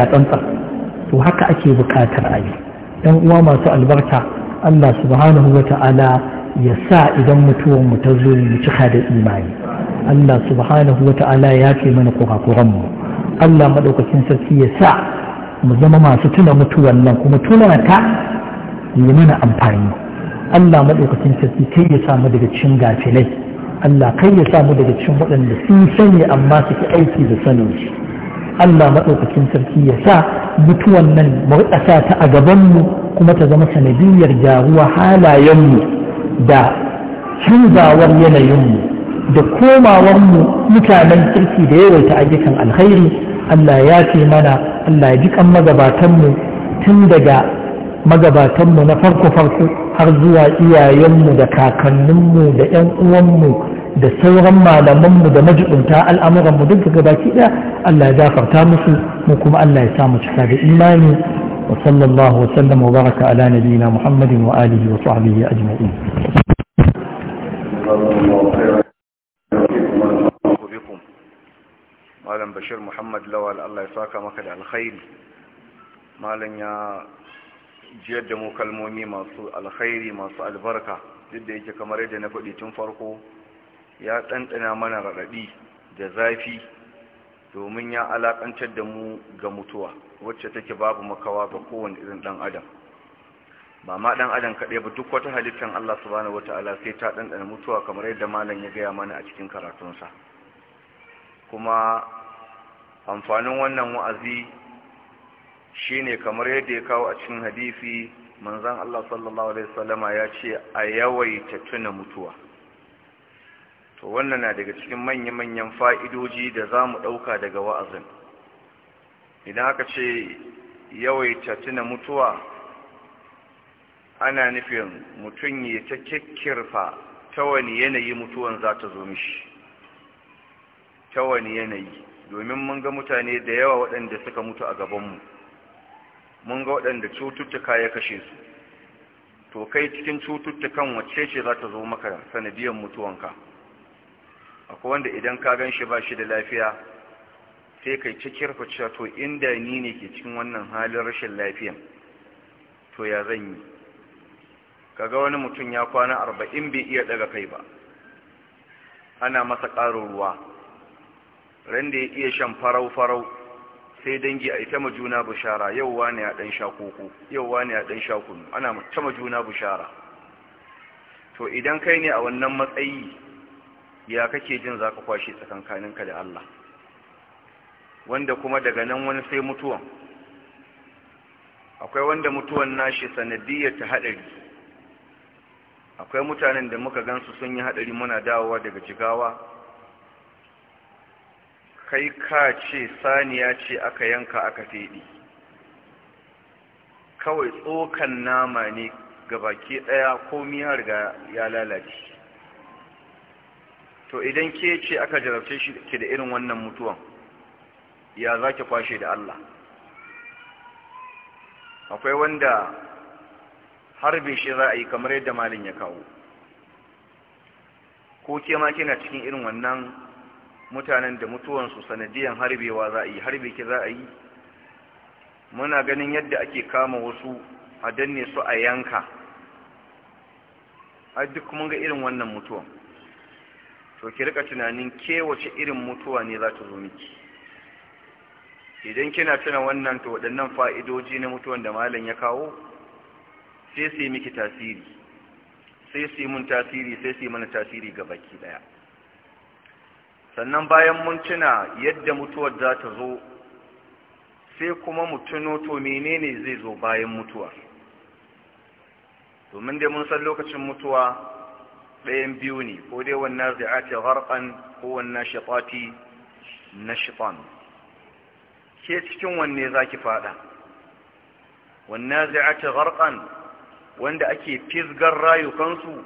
ka tsantsa to haka ake bukatar a yi ɗan uwa masu albarka Allah subhanahu wa ta'ala ya sa idan mutuwar mu ta zo mu cika da imani Allah subhanahu wa ta'ala ya ce mana kurakuran mu Allah madaukakin sarki ya sa mu zama masu tuna mutuwar nan kuma tuna ta yi mana amfani Allah madaukakin sarki kai ya samu daga cikin gafilai Allah kai ya samu daga cikin waɗanda sun sani amma suke aiki da sanin shi Allah maɗaukacin sarki ya sa mutuwan nan mu ta a gabanmu kuma ta zama sanadiyar jaruwa halayenmu da canzawar yanayinmu da komawarmu mutanen kirki da yawaita ayyukan alkhairi Allah ya ce mana Allah ya ji kan magabatanmu tun daga magabatanmu na farko farko har zuwa iyayenmu da kakanninmu da 'yan uwanmu da sauran malamanmu da majibinta al'amuranmu duk daga baki ɗaya Allah ya gafarta musu mu kuma Allah ya samu cika da imani wa sallallahu wa sallam wa baraka ala nabiyyina Muhammadin wa alihi wa sahbihi ajma'in Malam Bashir Muhammad Lawal Allah ya saka maka da alkhairi malam ya jiyar da mu kalmomi masu alkhairi masu albarka duk da yake kamar yadda na faɗi tun farko ya ɗanɗana mana raɗaɗi da zafi domin ya alaƙantar da mu ga mutuwa wacce take babu makawa ga kowane irin ɗan adam ba ma ɗan adam kaɗai ba duk wata halittar Allah subhanahu wata'ala sai ta ɗanɗana mutuwa kamar yadda malam ya gaya mana a cikin karatunsa kuma amfanin wannan wa'azi shi ne kamar yadda ya kawo a cikin hadisi manzon Allah sallallahu alaihi wasallama ya ce a yawaita tuna mutuwa to wannan na daga cikin manya-manyan fa'idoji da za mu ɗauka daga wa'azin idan aka ce yawaita tuna mutuwa ana nufin mutum ya ta kyakkyarfa ta wani yanayi mutuwan za ta zo mishi ta wani yanayi domin mun ga mutane da yawa waɗanda suka mutu a gabanmu mun ga waɗanda cututtuka ya kashe su to kai cikin cututtukan wacce ce za ta zo maka sanadiyar mutuwanka akwai wanda idan ka gan shi ba shi da lafiya sai kai cikin cewa to inda ni ne ke cikin wannan halin rashin lafiyan to ya zan yi kaga wani mutum ya kwana arba'in bai iya daga kai ba ana masa ƙarin ruwa ran da ya iya shan farau-farau sai dangi a ita majuna bishara yau wani ya ɗan sha koko yau wani ya ɗan sha kunu ana ta majuna bishara to idan kai ne a wannan matsayi ya kake jin za ka kwashe tsakankaninka da Allah wanda kuma daga nan wani sai mutuwan akwai wanda mutuwan nashi sanadiyar ta haɗari akwai mutanen da muka gansu sun yi haɗari muna dawowa daga jigawa kai ka ce saniya ce aka yanka aka feɗi kawai tsokan nama ne ga baki ɗaya komiyar ga riga ya lalace to idan ke ce aka jarabce shi ke da irin wannan mutuwan ya za ki kwashe da Allah akwai wanda harbe shi za a yi kamar yadda malin ya kawo ko ke ma kina cikin irin wannan mutanen da mutuwansu sanadiyan harbewa za a yi harbe ki za a yi muna ganin yadda ake kama wasu a danne su a yanka a duk mun ga irin wannan mutuwan to ki rika tunanin ke kewace irin mutuwa ne za ta zo miki idan kina tuna wannan to waɗannan fa'idoji na mutuwan da malam ya kawo sai su yi miki tasiri sai su yi mun tasiri sai su yi mana tasiri ga baki ɗaya sannan bayan mun tuna yadda mutuwar za ta zo sai kuma mu to menene zai zo bayan mutuwa domin dai mun san lokacin mutuwa ɗayan biyu ne ko dai wannan zi'ati harqan ko wannan shafati na shifan ke cikin wanne za ki fada wannan zi'ati harqan wanda ake fizgar rayukansu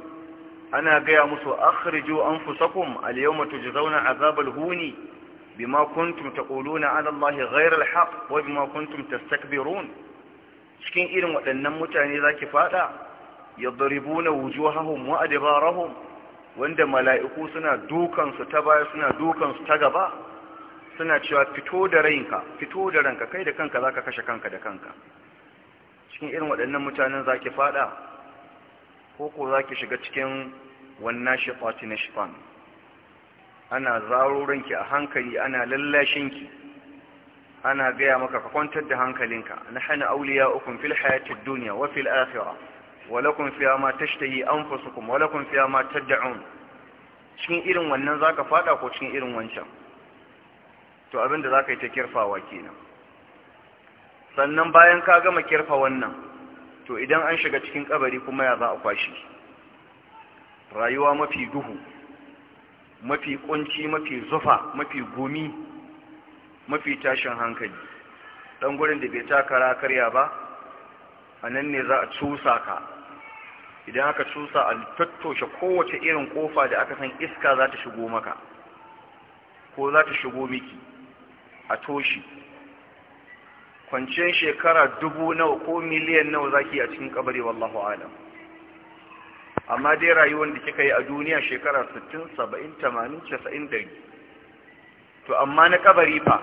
ana gaya musu akhrijo an fusakun aliyauma tujzauna azabal huni bima ta taquluna na allahi ghayra alhaq wa bima kuntum tastakbirun cikin irin waɗannan mutane zaki fada yadribuna wujuhahum wa adbarahum wanda mala'iku suna dukansu ta baya suna dukansu ta gaba suna cewa fito da rayinka fito da ranka kai da kanka zaka kashe kanka da kanka cikin irin waɗannan mutanen zaki fada ko ko zaki shiga cikin wannan shifati na shifan ana zaro a hankali ana lallashinki ana gaya maka ka kwantar da hankalinka na hana auliya ukun fil hayatid dunya wa fil akhirah walakun fiya ma tashtahi anfusukum walakun fiya ma tad'un cikin irin wannan zaka fada ko cikin irin wancan to abin da zaka yi ta kirfawa kenan sannan bayan ka gama kirfa wannan to idan an shiga cikin kabari kuma ya za a kwashi rayuwa mafi duhu mafi kunci mafi zufa mafi gumi mafi tashin hankali dan gurin da bai taka karya ba a nan ne za a cusa ka idan aka tusa a tattoshe kowace irin kofa da aka san iska za ta shigo maka ko za ta shigo miki a toshi kwanciyar shekara dubu nawa ko miliyan nawa za ki a cikin kabari wallahu alam amma dai rayuwar da kika yi a duniya shekara 60 70 90 to amma na kabari fa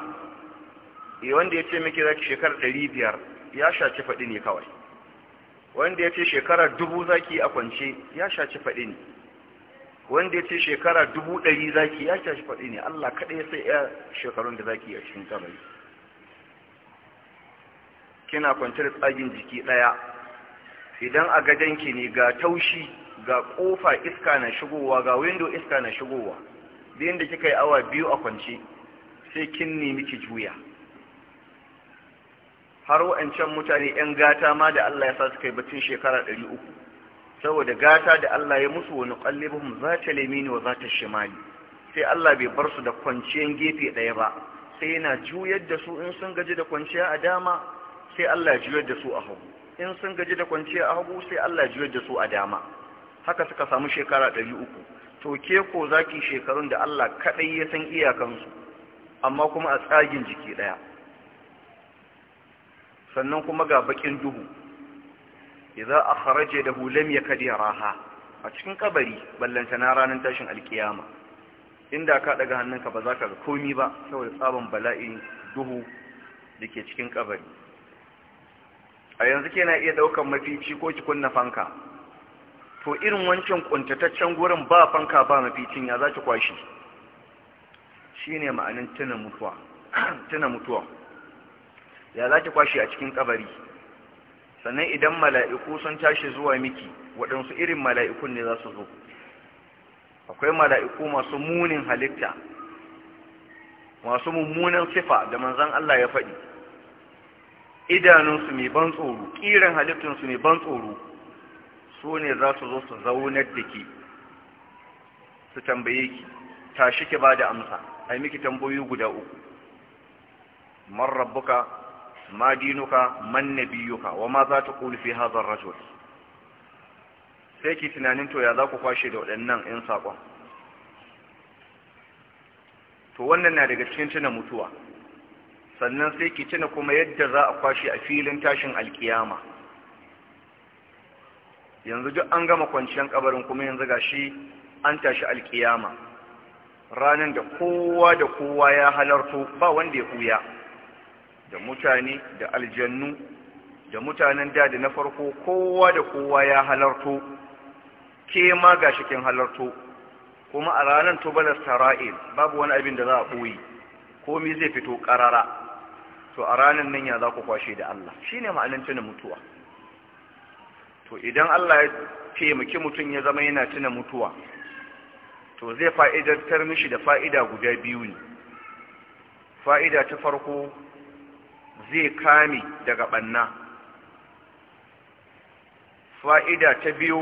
eh, wanda ya ce miki za ki shekara 500 ya shaci faɗi ne kawai wanda ya ce shekara dubu zaki a kwance ya shaci faɗi ne wanda ya ce shekara dubu ɗari zaki ya shaci faɗi ne Allah kaɗai ya sai ya shekarun da zaki a cikin kamari kina da tsagin jiki ɗaya idan a gadonki ne ga taushi ga ƙofa iska na shigowa ga windo iska na shigowa da kika yi awa biyu a kwance sai kin nemi ki juya har wa'ancan mutane 'yan gata ma da Allah ya sa su kai batun shekara 300 saboda gata da Allah ya musu wani ƙallibin za ta lemini wa za ta shimali sai Allah bai bar su da kwanciyar gefe ɗaya ba sai yana juyar da su in sun gaji da kwanciya a dama sai Allah juyar da su a hagu in sun gaji da kwanciya a hagu sai Allah juyar da su a dama haka suka samu shekara 300 to ke ko zaki shekarun da Allah kaɗai ya san iyakansu amma kuma a tsagin jiki ɗaya sannan kuma ga bakin duhu idza akhraja dahu lam karya raha. a cikin kabari ballanta na ranar tashin alkiyama inda ka daga hannunka ba za ka ga komi ba saboda tsaban bala'in duhu dake cikin kabari a yanzu kena iya daukan mafici ko ki kunna fanka to irin wancan kuntataccen gurin ba fanka ba maficin ya za ki kwashi shine ma'anin tuna mutuwa tuna mutuwa ya za ki kwashe a cikin kabari sannan idan mala'iku sun tashi zuwa miki waɗansu irin mala'ikun ne za su zo akwai mala'iku masu munin halitta masu mummunan sifa da manzan Allah ya faɗi idanunsu mai ban tsoro ƙiran halittunsu mai ban tsoro su ne za su zo su zaunar da ke su tambaye ki tashi ki ba da amsa a miki tambayoyi guda uku man rabbuka ما دينك من نبيك وماذا تقول في هذا الرجل sai ki tunanin to ya za ku kwashe da waɗannan 'yan saƙon to wannan na daga cikin tuna mutuwa sannan sai ki tuna kuma yadda za a kwashe a filin tashin alkiyama yanzu duk an gama kwanciyar kabarin kuma yanzu ga shi an tashi alkiyama ranar da kowa da kowa ya halarto ba wanda ya huya da mutane da aljannu da mutanen da da na farko kowa da kowa ya halarto ke ma gashi kin halarto kuma a ranar tubalar sara'il babu wani abin da za a ɓoye komi zai fito ƙarara to a ranar nan ya za ku kwashe da Allah shi ne ma'anin tuna mutuwa to idan Allah ya taimaki mutum ya zama yana tuna mutuwa to zai fa'idantar mishi da fa'ida guda biyu ne fa'ida ta farko zai kame daga ɓanna. fa'ida ta biyu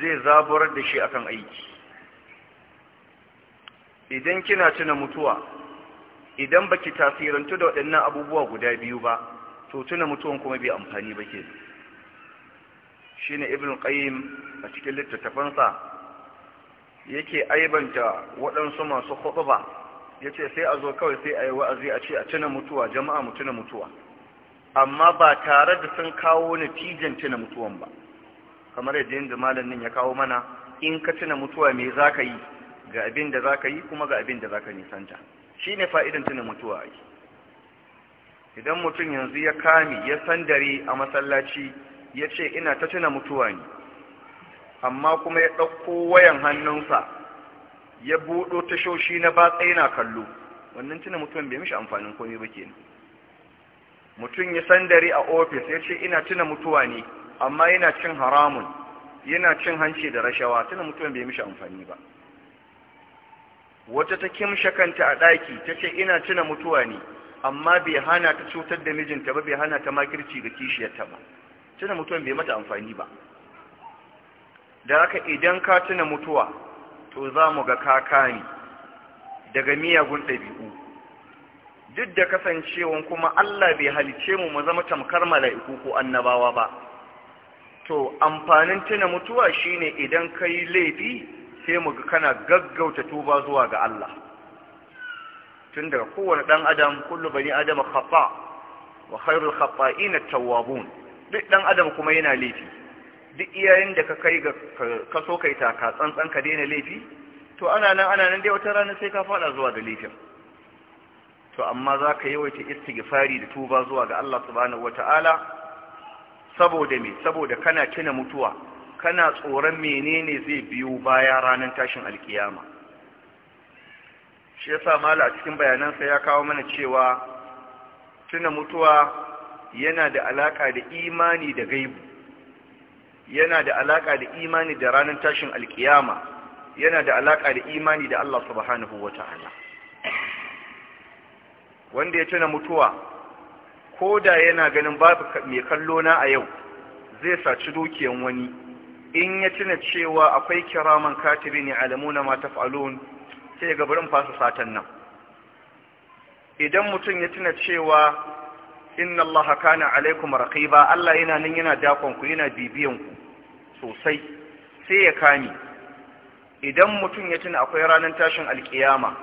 zai zaburar da shi akan aiki idan kina tuna mutuwa idan baki tasirantu da waɗannan abubuwa guda biyu ba to tuna mutuwan kuma bai amfani ba ke ne ibn qayyim a cikin littattafansa yake aibanta waɗansu masu khutba ya ce sai a zo kawai sai a yi wa'azi a ce a tuna mutuwa jama'a mu tuna mutuwa amma ba tare da sun kawo natijan tuna mutuwan ba kamar yadda yin jimalin nan ya kawo mana in ka tuna mutuwa me za ka yi ga abin da za ka yi kuma ga abin da za ka nisanta shi ne fa'idan tuna mutuwa yi idan mutum yanzu ya kame ya san dare a masallaci ya ce ina ta tuna mutuwa ne amma kuma ya ɗauko wayan hannunsa ya buɗo tashoshi na tsaye na kallo wannan tuna mutum bai mishi amfanin komai ba kenan mutum ya sandare a ofis ya ce ina tuna mutuwa ne amma yana cin haramun yana cin hanci da rashawa tuna mutum bai mishi amfani ba wata ta kimsha kanta a ɗaki ta ce ina tuna mutuwa ne amma bai hana ta cutar da mijinta ba bai hana ta makirci da kishiyarta ba tuna mutum bai mata amfani ba da haka idan ka tuna mutuwa to za mu ga kakani daga miyagun ɗabi'u duk da kasancewan kuma Allah bai halice mu mu zama tamkar mala'iku ko annabawa ba to amfanin tuna mutuwa shine idan ka yi laifi sai mu ga kana gaggauta tuba zuwa ga Allah tun daga kowane ɗan adam kullu bani adam khata wa khairul khata'in tawwabun duk ɗan adam kuma yana laifi duk iyayen da ka kai ga ka so kai taka tsantsan ka daina laifi to ana nan ana nan dai wata rana sai ka fada zuwa ga laifin to amma za ka yawaita istighfari da tuba zuwa ga Allah subhanahu wata'ala saboda me saboda kana kina mutuwa kana tsoron menene zai biyo baya ranar tashin alkiyama shi yasa mala a cikin bayanansa ya kawo mana cewa tuna mutuwa yana da alaka da imani da gaibu yana da alaka da imani da ranar tashin alkiyama yana da alaka da imani da Allah subhanahu ta'ala wanda ya tuna mutuwa ko da yana ganin babu mai kallo na a yau zai saci dukiyan wani in ya tuna cewa akwai kiraman katibi ne alamuna ma taf'alun sai ga burin fasa satan nan idan mutum ya tuna cewa inna allaha kana alaikum raqiba Allah yana nan yana dakon ku yana bibiyan ku sosai sai ya kani idan mutum ya tuna akwai ranan tashin alkiyama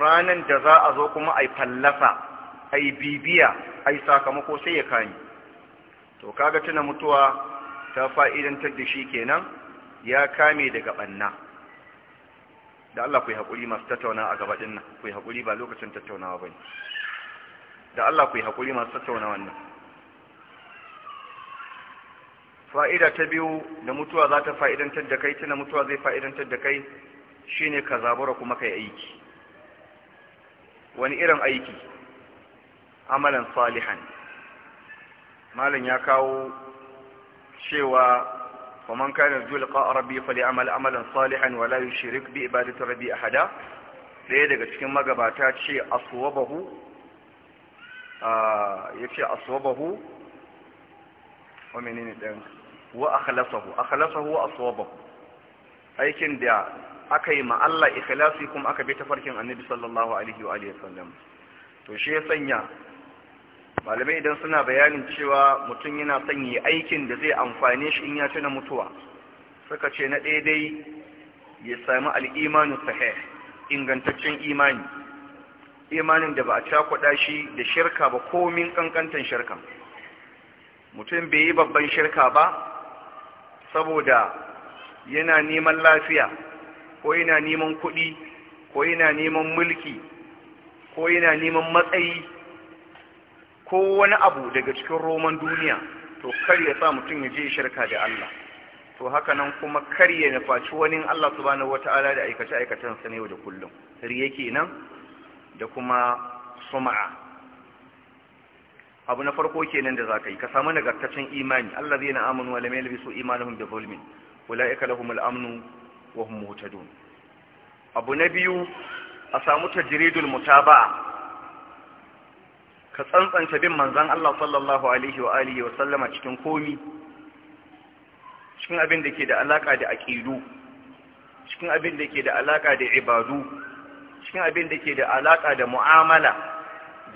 ranan da za a zo kuma ai fallasa ai bibiya ai sakamako sai ya kani to kaga tuna mutuwa ta fa'idantar da shi kenan ya kame daga banna da Allah ku yi hakuri masu tattaunawa a gaba nan ku yi hakuri ba lokacin tattaunawa ba ne da Allah ku yi haƙuri masu tattauna wannan fa'ida ta biyu da mutuwa za ta fa'idantar da kai tuna mutuwa zai fa'idantar da kai shine ka zabura kuma kai aiki wani irin aiki amalan salihan malam ya kawo cewa ومن كان amala, amalan salihan فليعمل عملا صالحا ولا يشرك Rabi a Hada? ɗaya daga cikin magabata ce bahu? ya ce aswabahu wa menene ɗin wa akhlasahu akhlasahu wa aswabahu aikin da aka yi ma Allah ikhlasi kuma aka bi tafarkin annabi sallallahu alaihi wa alihi wasallam to shi ya sanya malamai idan suna bayanin cewa mutum yana sanya aikin da zai amfane shi in ya tuna mutuwa suka ce na daidai ya sami al'imanu sahih ingantaccen imani imanin da ba a cakuɗa shi da shirka ba komin ƙanƙantar shirka mutum bai yi babban shirka ba saboda yana neman lafiya ko yana neman kuɗi ko yana neman mulki ko yana neman matsayi ko wani abu daga cikin roman duniya to kar ya sa mutum ya je shirka da Allah to haka nan kuma kar ya nufaci wani Allah subhanahu ala da aikace aikacensa ne yau da kullum riye nan? da kuma suma'a abu na farko kenan da zaka yi ka samu nagartaccen imani allazina amanu wa lam yalbisu imanuhum bi zulmin ulaika lahumul amnu wa hum muhtadun abu na biyu a samu tajridul mutaba'a ka tsantsanta bin manzan Allah sallallahu alaihi wa alihi wa sallama cikin komi cikin abin da ke da alaka da aqidu cikin abin da ke da alaka da ibadu cikin abin da ke da alaka da mu'amala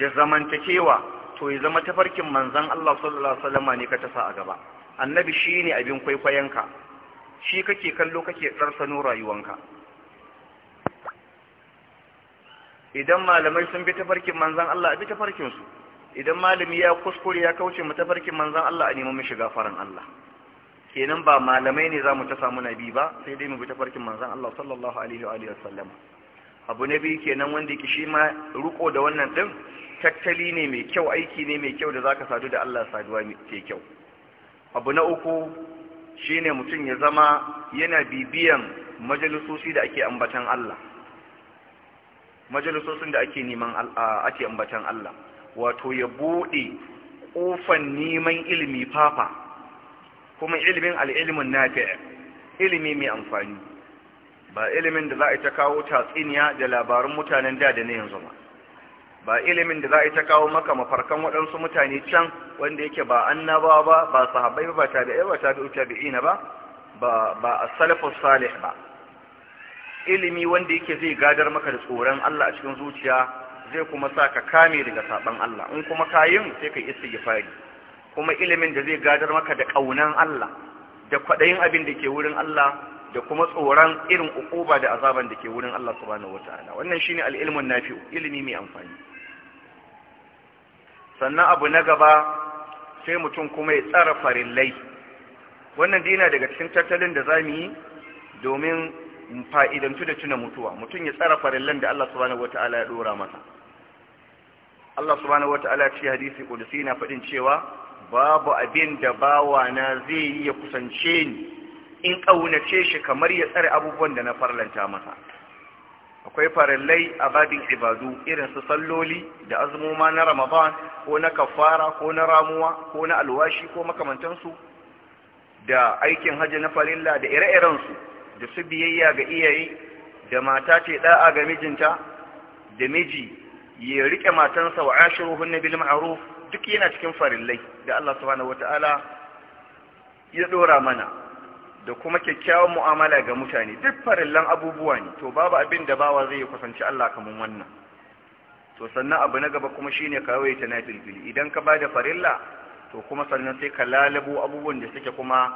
da zamantakewa to ya zama tafarkin manzan Allah sallallahu alaihi wasallam ne ka tasa a gaba annabi shine abin kwaikwayonka shi kake kallo kake darsano rayuwanka idan malamai sun bi tafarkin manzan Allah a bi tafarkin su idan malami ya kuskure ya kauce mu tafarkin manzan Allah a nemi shiga farin Allah kenan ba malamai ne za mu ta samu nabi ba sai dai mu bi tafarkin manzan Allah sallallahu alaihi wa alihi wasallam abu na biyu kenan wanda ki shi ma ruko da wannan din tattali ne mai kyau aiki ne mai kyau da zaka sadu da Allah saduwa ke kyau abu na uku shine mutum ya zama yana bibiyan majalisoci da ake ambatan Allah majalisosin da ake neman ake ambatan Allah wato ya bude kofan neman ilimi fafa kuma ilimin al-ilmun nafi' ilimi mai amfani ba ilimin da za a ta kawo tatsiniya da labarun mutanen da da na yanzu ba ba ilimin da za a ta kawo maka mafarkan waɗansu mutane can wanda yake ba annabawa ba ba sahabbai ba tabi'ai ba tabi'u tabi'ina ba ba ba as salafu salih ba ilimi wanda yake zai gadar maka da tsoron Allah a cikin zuciya zai kuma sa ka kame daga saban Allah in kuma kayin sai ka istighfari kuma ilimin da zai gadar maka da kaunan Allah da kwadayin abin da ke wurin Allah da kuma tsoron irin ukuba da azaban da ke wurin Allah subhanahu wataala wannan shine al-ilmun nafi'u ilimi mai amfani sannan abu na gaba sai mutum kuma ya tsara farillai wannan dina daga cikin tattalin da zamu yi domin fa'idantu da tuna mutuwa mutum ya tsara farillan da Allah subhanahu wataala ya dora masa Allah subhanahu wataala ci hadisi kudusi na faɗin cewa babu abin da bawana zai yi ya kusance ni in ƙaunace shi kamar ya tsare abubuwan da na farlanta masa akwai farallai a babin ibadu irin su salloli da azumoma na ramadan ko na kafara ko na ramuwa ko na alwashi ko makamantansu da aikin hajji na farilla da ire-irensu da su biyayya ga iyaye da mata ce ɗa'a ga mijinta da miji ya riƙe matansa wa ashiruhun na bil ma'ruf duk yana cikin farillai da Allah subhanahu wata'ala ya ɗora mana da kuma kyakkyawan mu'amala ga mutane duk farillan abubuwa ne to babu abin da bawa zai kusanci Allah kaman wannan to sannan abu na gaba kuma shine kawai ta nafilfili idan ka bada farilla to kuma sannan sai ka lalabo abubuwan da suke kuma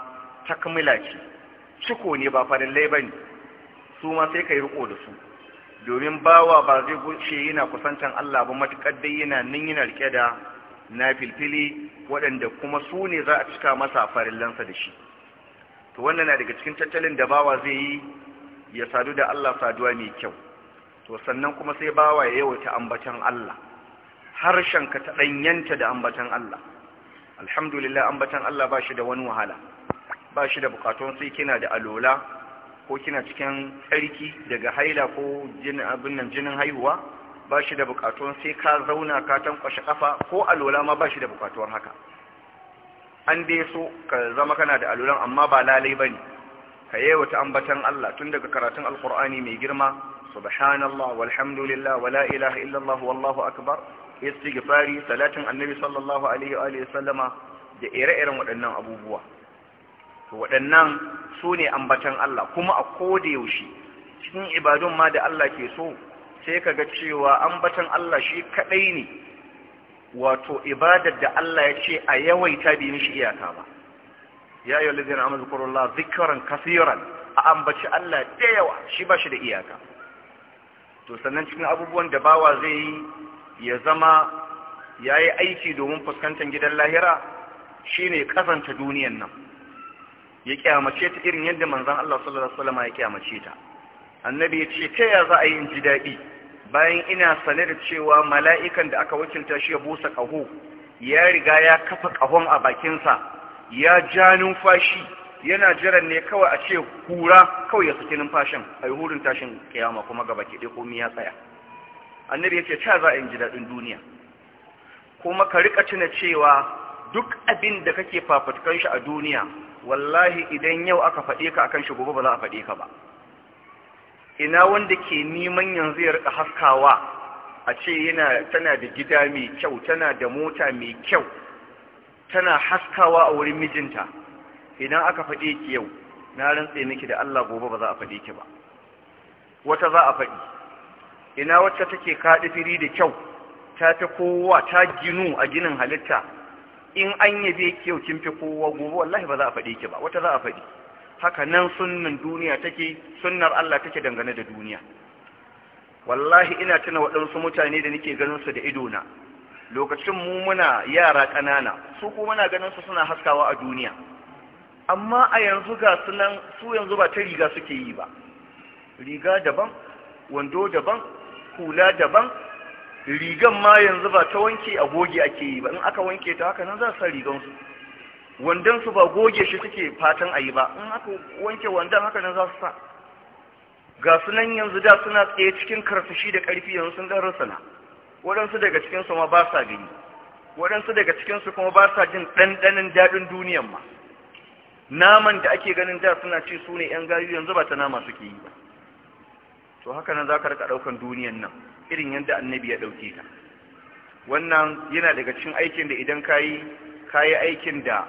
takmila ce ciko ne ba farillai bane su ma sai ka yi riko da su domin bawa ba zai gushe yana kusantan Allah ba matukar dai yana nan yana rike da nafilfili waɗanda kuma su ne za a cika masa farillansa da shi to wannan na daga cikin tattalin da bawa zai yi ya sadu da Allah saduwa mai kyau to sannan kuma sai bawa ya yawaita ambatan Allah harshenka ta ɗanyanta da ambatan Allah alhamdulillah ambatan Allah ba shi da wani wahala ba shi da bukatun sai kina da alola ko kina cikin tsarki daga haila ko jinin abin nan jinin haihuwa ba shi da bukatun sai ka zauna ka tankwashe kafa ko alola ma ba shi da bukatun haka an dai so ka zama kana da aluran amma ba lalai ba ne ka yawata ambatan Allah tun daga karatun alkur'ani mai girma subhanallah walhamdulillah wala ilaha illallah wallahu akbar istighfari salatin annabi sallallahu alaihi wa alihi sallama da ire-iren waɗannan abubuwa to waɗannan su ne ambatan Allah kuma a koda yaushe cikin ibadun ma da Allah ke so sai ka ga cewa ambatan Allah shi kaɗai ne wato ibadar da Allah ya ce a yawaita bi mishi iyaka ba ya yi walizin amur zukurullah zikiran kasiran a ambaci Allah da yawa shi ba shi da iyaka to sannan cikin abubuwan da bawa zai yi ya zama ya yi aiki domin fuskantar gidan lahira shi ne kazanta duniyan nan ya kyamace ta irin yadda manzan Allah sallallahu Alaihi Wasallam ya kyamace ta annabi ya ce ta ya za a yi in ji daɗi bayan ina sane da cewa mala'ikan da aka wakilta shi ya busa ƙaho ya riga ya kafa ƙahon a bakinsa ya ja numfashi yana jiran ne kawai a ce kura kawai ya saki numfashin a yi hurin tashin kiyama kuma gaba ke ɗai komi ya tsaya annabi ya ce ta za a yi ji daɗin duniya kuma ka riƙa tuna cewa duk abin da kake fafatukan shi a duniya wallahi idan yau aka faɗe ka akan shi gobe ba za a faɗe ka ba ina wanda ke neman yanzu ya rika haskawa a ce yana tana da gida mai kyau tana da mota mai kyau tana haskawa a wurin mijinta idan aka faɗe ki yau na rantse miki da Allah gobe ba za a faɗe ki ba wata za a faɗi ina wacce take kaɗi firi da kyau ta fi kowa ta ginu a ginin halitta in an yabe ki yau kin fi kowa gobe wallahi ba za a faɗe ki ba wata za a faɗi haka nan sunnan duniya take sunnar Allah take dangane da duniya wallahi ina tuna waɗansu mutane da nake ganin su da idona lokacin mu muna yara ƙanana su ko muna ganin su suna haskawa a duniya amma a yanzu ga sunan su yanzu ba ta riga suke yi ba riga daban wando daban kula daban rigan ma yanzu ba ta wanke a goge ake yi ba in aka wanke ta haka nan za su sa rigansu wandon su ba goge shi suke fatan a yi ba in aka wanke wandon haka nan za su sa ga sunan yanzu da suna tsaye cikin karsashi da ƙarfi yanzu sun dan rasana waɗansu daga cikinsu ma ba sa gani waɗansu daga cikinsu kuma ba sa jin ɗanɗanin daɗin duniyan ma naman da ake ganin da suna ce su ne ‘yan gayu yanzu ba ta nama suke yi ba to haka nan za ka rika ɗaukan duniyan nan irin yadda annabi ya ɗauke ta wannan yana daga cikin aikin da idan ka yi ka yi aikin da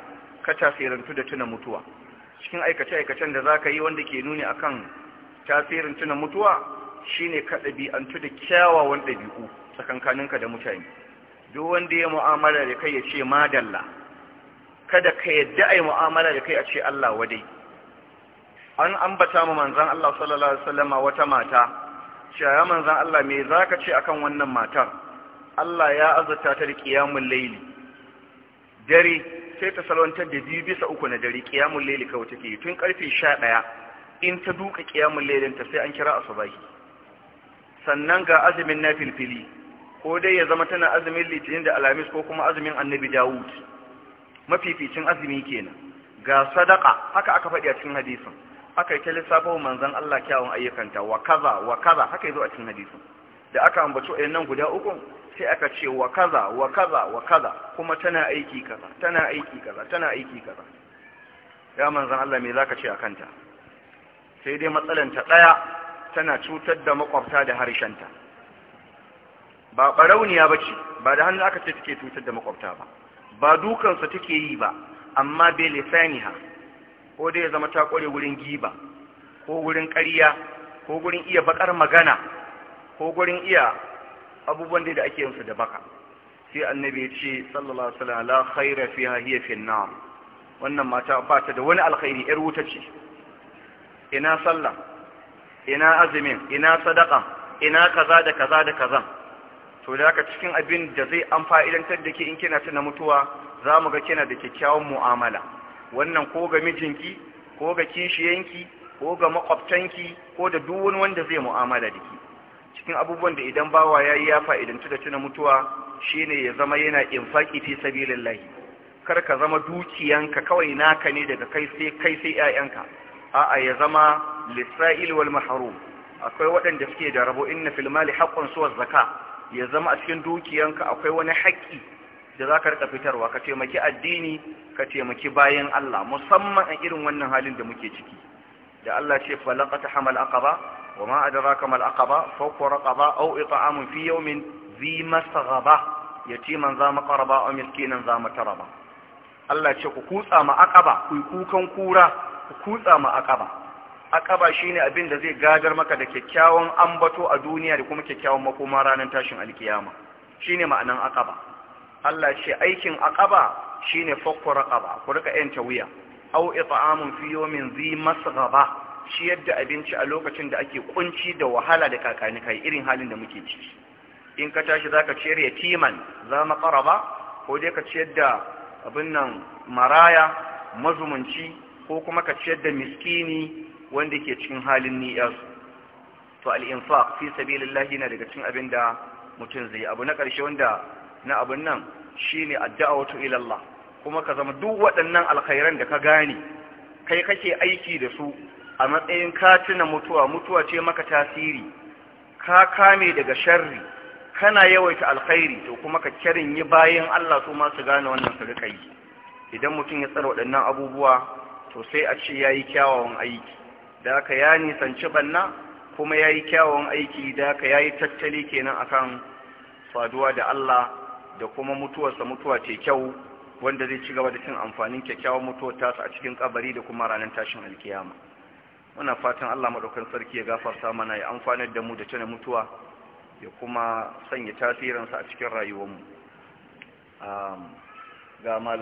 ka tasirantu da tuna mutuwa cikin aikace-aikacen da za ka yi wanda ke nuni akan tasirin tuna mutuwa shine ka ɗabi'antu da kyawawan ɗabi'u tsakankaninka da mutane duk wanda ya mu'amala da kai ya ce madalla kada ka yadda a yi mu'amala da kai a ce Allah wadai an ambata mu manzan Allah sallallahu alaihi wasallama wata mata cewa ya manzan Allah me zaka ce akan wannan matar Allah ya azurta ta da qiyamul layli dare sai ta salwantar da biyu bisa uku na dare kiyamun laili kawai take yi tun karfe sha ɗaya in ta duka kiyamun lailin ta sai an kira asubahi sannan ga azumin na filfili ko dai ya zama tana azumin litinin da alhamis ko kuma azumin annabi dawud mafificin azumi kenan ga sadaka haka aka faɗi a cikin hadisin aka yi ta lissafa manzon Allah kyawun ayyukanta wa kaza wa kaza haka zo a cikin hadisin da aka ambaci nan guda uku sai aka ce wa kaza wa kaza wa kaza kuma tana aiki kaza tana aiki kaza tana aiki kaza ya manzan Allah me zaka ce akan ta sai dai matsalan ta daya tana cutar da makwabta da harshenta ba barauniya bace ba da hannu aka ce take cutar da makwabta ba ba dukan su take yi ba amma be lisaniha ko dai ya zama ta kore wurin giba ko wurin ƙarya ko wurin iya bakar magana ko gurin iya abubuwan da ake yin su da baka sai annabi ya ce sallallahu alaihi wasallam la khaira fiha hiya fi an-nar wannan mata ba ta da wani alkhairi yar wuta ce ina sallah ina azumin ina sadaka ina kaza da kaza da kaza to da haka cikin abin da zai an fa'idantar da ke in kina tuna mutuwa za mu ga kina da kyakkyawan mu'amala wannan ko ga mijinki ko ga kishiyanki ko ga makwabtanki ko da duk wani wanda zai mu'amala da ki cikin abubuwan da idan bawa ya yi ya fa'idantu da tuna mutuwa shi ne ya zama yana infaki fi sabilillahi kar ka zama dukiyanka kawai naka ne daga kai sai kai sai 'ya'yanka. a'a ya zama lisra'il wal maharu akwai waɗanda suke da rabo inna na filmali haqqun suwa zaka ya zama a cikin dukiyanka akwai wani haƙƙi da za ka rika fitarwa ka taimaki addini ka taimaki bayan Allah musamman a irin wannan halin da muke ciki da Allah ce ta hamal aqaba wa ma adraka mal aqaba fawqa raqaba aw it'amun fi yawmin zi masghaba yatiman za maqraba aw miskinan za mataraba Allah ce ku kutsa ma aqaba kukan kura ku kutsa aƙaba. aqaba aqaba shine abin da zai gadar maka da kyakkyawan ambato a duniya da kuma kyakkyawan makoma ranar tashin alkiyama shine ma'anan aqaba Allah ce aikin aqaba shine fakku raqaba ku rika yanta wuya aw it'amun fi yawmin zi masghaba ciyar da abinci a lokacin da ake kunci da wahala da kakani kai irin halin da muke ciki in ka tashi zaka ciyar yatiman za ma qaraba ko dai ka ciyar da abin nan maraya mazumunci ko kuma ka ciyar da miskini wanda ke cikin halin ni'as to al-infaq fi sabilillah yana daga cikin abin da mutum zai abu na karshe wanda na abin nan shine addu'atu ila Allah kuma ka zama duk waɗannan alkhairan da ka gane kai kake aiki da su a matsayin ka mutuwa mutuwa ce maka tasiri ka kame daga sharri kana yawaita alkhairi to kuma ka kirin yi bayan Allah su ma su gane wannan su rika yi idan mutum ya tsara waɗannan abubuwa to sai a ce yayi kyawawan aiki da ka ya nisanci banna kuma yayi kyawawan aiki da haka yayi tattali kenan akan faduwa da Allah da kuma mutuwarsa mutuwa ce kyau wanda zai ci gaba da cin amfanin kyakkyawan mutuwar tasa a cikin kabari da kuma ranar tashin alkiyama muna fatan Allah maɗaukan sarki ya gafarta mana ya amfanar da mu da tana mutuwa ya kuma sanya tasirinsa a cikin rayuwarmu ga